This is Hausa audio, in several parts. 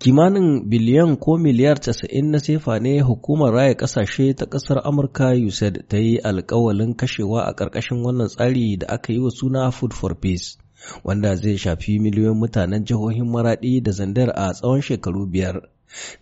Kimanin biliyan ko miliyar casa'in na sefa ne hukumar raya ƙasashe ta ƙasar Amurka USAID ta yi alkawalin kashewa a ƙarƙashin wannan tsari da aka yi wa suna Food for Peace, wanda zai shafi miliyoyin mutanen jihohin Maraɗi da Zandar a tsawon shekaru biyar.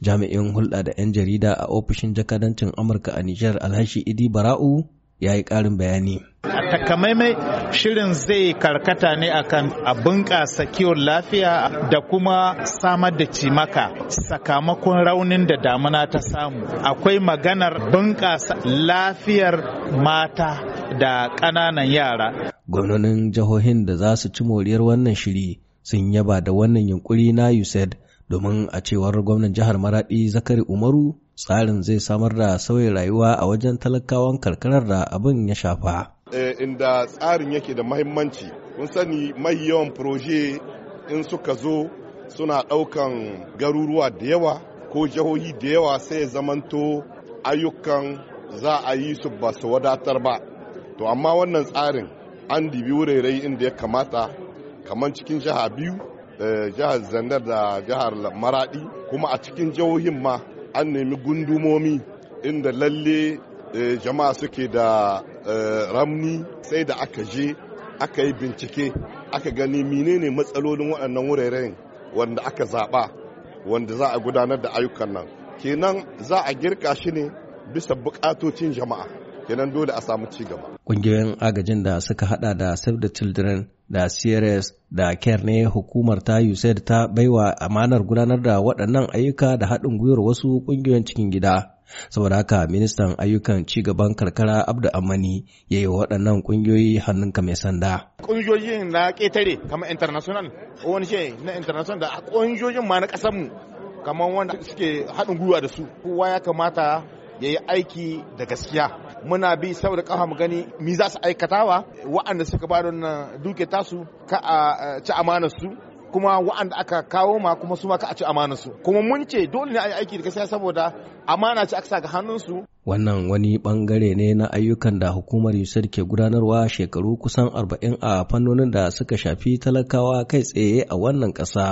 Jami'in hulɗa da 'yan jarida a ofishin jakadancin Amurka a Nijar Alhashi Idi Bara'u ya yi ƙarin bayani. A takamaimai shirin zai karkata ne a akan a bunƙasa kiwon lafiya da kuma samar da cimaka sakamakon raunin da damuna ta samu. Akwai maganar bunƙasa lafiyar mata da ƙananan yara. Gwamnonin jihohin da za su ci moriyar wannan shiri sun yaba da wannan yunkuri na USAID domin a cewar gwamnan jihar Maradi Zakari Umaru tsarin zai samar da sauyin rayuwa a wajen talakawan karkarar da abin ya shafa. Eh, inda tsarin yake da mahimmanci kun sani mai yawan proje in suka zo suna ɗaukan garuruwa da yawa ko jihohi da yawa sai zamanto ayyukan za a yi su ba su wadatar ba to amma wannan tsarin an dibi wurare inda ya kamata kamar cikin jiha biyu eh, jihar zandar da jihar maradi kuma a cikin jihohin ma an nemi gundumomi inda lalle eh, jama'a suke da eh, ramni sai da aka je aka yi bincike aka gani menene matsalolin waɗannan wuraren wanda aka zaɓa wanda za a gudanar da ayyukan nan kenan za a girka shi ne bisa bukatocin jama'a kenan dole a samu ci gaba Ƙungiyoyin agajin da suka hada da Save the Children da CRS da CARE ne hukumar ta USAID ta baiwa amanar gudanar da waɗannan ayyuka da haɗin gwiwar wasu ƙungiyoyin cikin gida. Saboda haka ministan ayyukan ci gaban karkara Abdu Amani ya yi waɗannan ƙungiyoyi hannunka mai sanda. Ƙungiyoyin na ƙetare kamar international, wani shi na international da ƙungiyoyin ma na ƙasarmu kamar wanda suke haɗin gwiwa da su. Kowa ya kamata ya yi aiki da gaskiya. muna bi saboda kafa mu gani mi za su aikatawa wa'anda suka ba da wannan duke tasu ka a ci amana su kuma wa'anda aka kawo ma kuma su ma ka a ci amanar su kuma mun ce dole ne a yi aiki da gaskiya saboda amana ce aka sa ga hannun su wannan wani bangare ne na ayyukan da hukumar Yusuf ke gudanarwa shekaru kusan arba'in a fannonin da suka shafi talakawa kai tsaye a wannan ƙasa.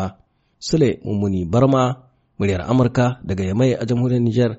Sule Mummuni Barma, muryar Amurka daga Yamai a jamhuriyar Nijar.